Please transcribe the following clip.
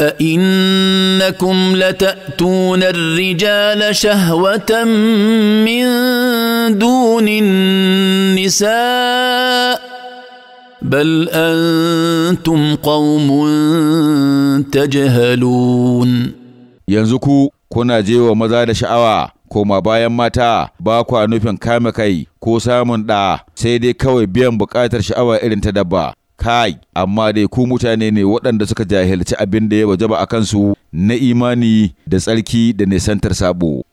أئنكم لتأتون الرجال شهوة من دون النساء بل أنتم قوم تجهلون ينزكو kuna je wa maza da sha'awa koma bayan mata ba kwa nufin kame kai ko samun ɗa sai dai kawai biyan buƙatar sha'awa irin ta dabba kai amma dai ku mutane ne waɗanda suka jahilci abin da ya wajaba a kansu na imani da tsarki da nisantar sabo